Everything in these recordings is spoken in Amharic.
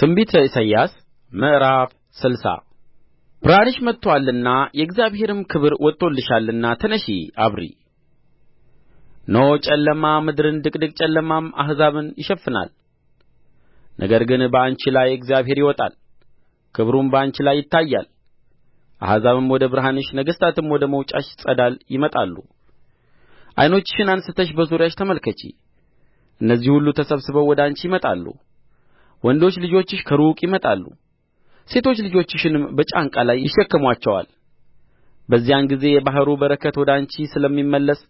ትንቢተ ኢሳይያስ ምዕራፍ ስልሳ ብርሃንሽ መጥቶአልና የእግዚአብሔርም ክብር ወጥቶልሻልና ተነሺ አብሪ እነሆ ጨለማ ምድርን ድቅድቅ ጨለማም አሕዛብን ይሸፍናል ነገር ግን በአንቺ ላይ እግዚአብሔር ይወጣል ክብሩም በአንቺ ላይ ይታያል አሕዛብም ወደ ብርሃንሽ ነገሥታትም ወደ መውጫሽ ፀዳል ይመጣሉ ዓይኖችሽን አንሥተሽ በዙሪያሽ ተመልከቺ እነዚህ ሁሉ ተሰብስበው ወደ አንቺ ይመጣሉ ወንዶች ልጆችሽ ከሩቅ ይመጣሉ ሴቶች ልጆችሽንም በጫንቃ ላይ ይሸከሙአቸዋል በዚያን ጊዜ የባሕሩ በረከት ወደ አንቺ ስለሚመለስ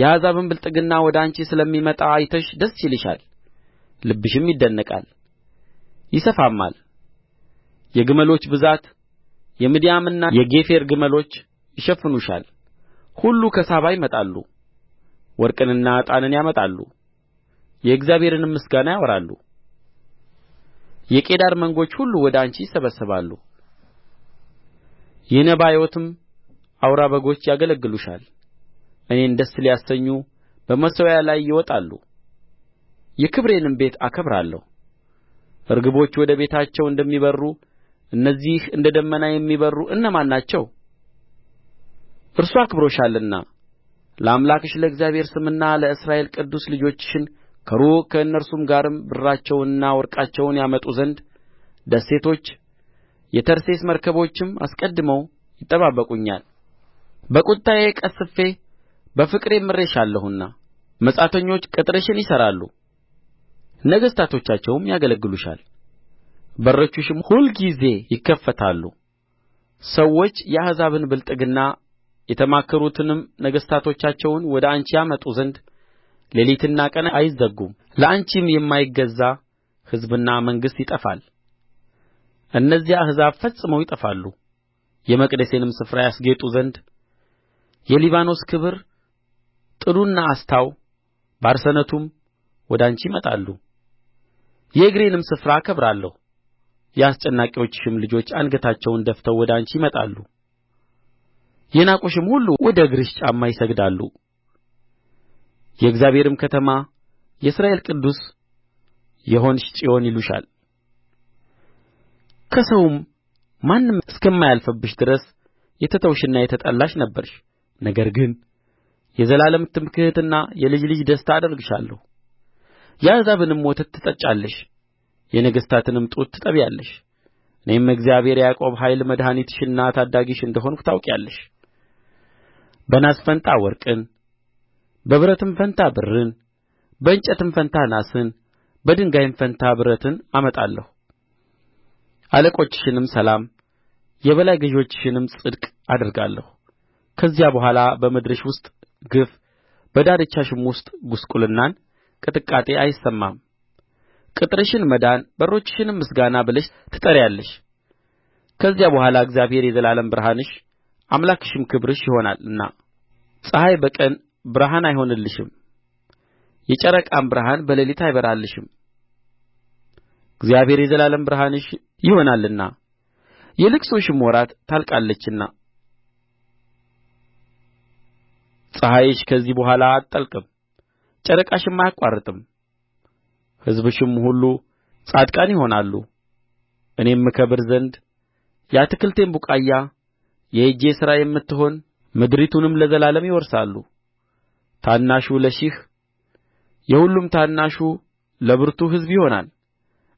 የአሕዛብም ብልጥግና ወደ አንቺ ስለሚመጣ አይተሽ ደስ ይልሻል ልብሽም ይደነቃል ይሰፋማል የግመሎች ብዛት የምድያምና የጌፌር ግመሎች ይሸፍኑሻል ሁሉ ከሳባ ይመጣሉ ወርቅንና ዕጣንን ያመጣሉ የእግዚአብሔርንም ምስጋና ያወራሉ የቄዳር መንጎች ሁሉ ወደ አንቺ ይሰበሰባሉ የነባዮትም አውራ በጎች ያገለግሉሻል እኔን ደስ ሊያሰኙ በመሠዊያዬ ላይ ይወጣሉ የክብሬንም ቤት አከብራለሁ ርግቦች ወደ ቤታቸው እንደሚበርሩ እነዚህ እንደ ደመና የሚበርሩ እነማን ናቸው እርሱ አክብሮሻልና ለአምላክሽ ለእግዚአብሔር ስምና ለእስራኤል ቅዱስ ልጆችሽን ከሩቅ ከእነርሱም ጋርም ብራቸውንና ወርቃቸውን ያመጡ ዘንድ ደሴቶች የተርሴስ መርከቦችም አስቀድመው ይጠባበቁኛል በቍጣዬ ቀሥፌ በፍቅሬም ምሬሻለሁና መጻተኞች ቅጥርሽን ይሠራሉ ነገሥታቶቻቸውም ያገለግሉሻል በሮችሽም ሁልጊዜ ይከፈታሉ ሰዎች የአሕዛብን ብልጥግና የተማረኩትንም ነገሥታቶቻቸውን ወደ አንቺ ያመጡ ዘንድ ሌሊትና ቀን አይዘጉም ለአንቺም የማይገዛ ሕዝብና መንግሥት ይጠፋል እነዚያ አሕዛብ ፈጽመው ይጠፋሉ የመቅደሴንም ስፍራ ያስጌጡ ዘንድ የሊባኖስ ክብር ጥዱና አስታው ባርሰነቱም ወደ አንቺ ይመጣሉ የእግሬንም ስፍራ አከብራለሁ የአስጨናቂዎችሽም ልጆች አንገታቸውን ደፍተው ወደ አንቺ ይመጣሉ የናቁሽም ሁሉ ወደ እግርሽ ጫማ ይሰግዳሉ የእግዚአብሔርም ከተማ የእስራኤል ቅዱስ የሆንሽ ጽዮን ይሉሻል ከሰውም ማንም እስከማያልፍብሽ ድረስ የተተውሽና የተጠላሽ ነበርሽ ነገር ግን የዘላለም ትምክሕትና የልጅ ልጅ ደስታ አደርግሻለሁ የአሕዛብንም ወተት ትጠጫለሽ የነገሥታትንም ጡት ትጠቢያለሽ እኔም እግዚአብሔር የያዕቆብ ኃይል መድኃኒትሽና ታዳጊሽ እንደ ሆንሁ ታውቂያለሽ። በናስ ፋንታ ወርቅን በብረትም ፋንታ ብርን በእንጨትም ፋንታ ናስን በድንጋይም ፋንታ ብረትን አመጣለሁ አለቆችሽንም ሰላም የበላይ ገዦችሽንም ጽድቅ አደርጋለሁ ከዚያ በኋላ በምድርሽ ውስጥ ግፍ በዳርቻሽም ውስጥ ጕስቍልናና ቅጥቃጤ አይሰማም ቅጥርሽን መዳን በሮችሽንም ምስጋና ብለሽ ትጠሪያለሽ ከዚያ በኋላ እግዚአብሔር የዘላለም ብርሃንሽ አምላክሽም ክብርሽ ይሆናልና ፀሐይ በቀን ብርሃን አይሆንልሽም የጨረቃም ብርሃን በሌሊት አይበራልሽም እግዚአብሔር የዘላለም ብርሃንሽ ይሆናልና የልቅሶሽም ወራት ታልቃለችና ፀሐይሽ ከዚህ በኋላ አትጠልቅም ጨረቃሽም አያቋርጥም ሕዝብሽም ሁሉ ጻድቃን ይሆናሉ እኔም እከብር ዘንድ የአትክልቴም ቡቃያ የእጄ ሥራ የምትሆን ምድሪቱንም ለዘላለም ይወርሳሉ ታናሹ ለሺህ የሁሉም ታናሹ ለብርቱ ሕዝብ ይሆናል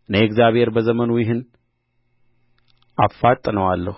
እኔ እግዚአብሔር በዘመኑ ይህን አፋጥነዋለሁ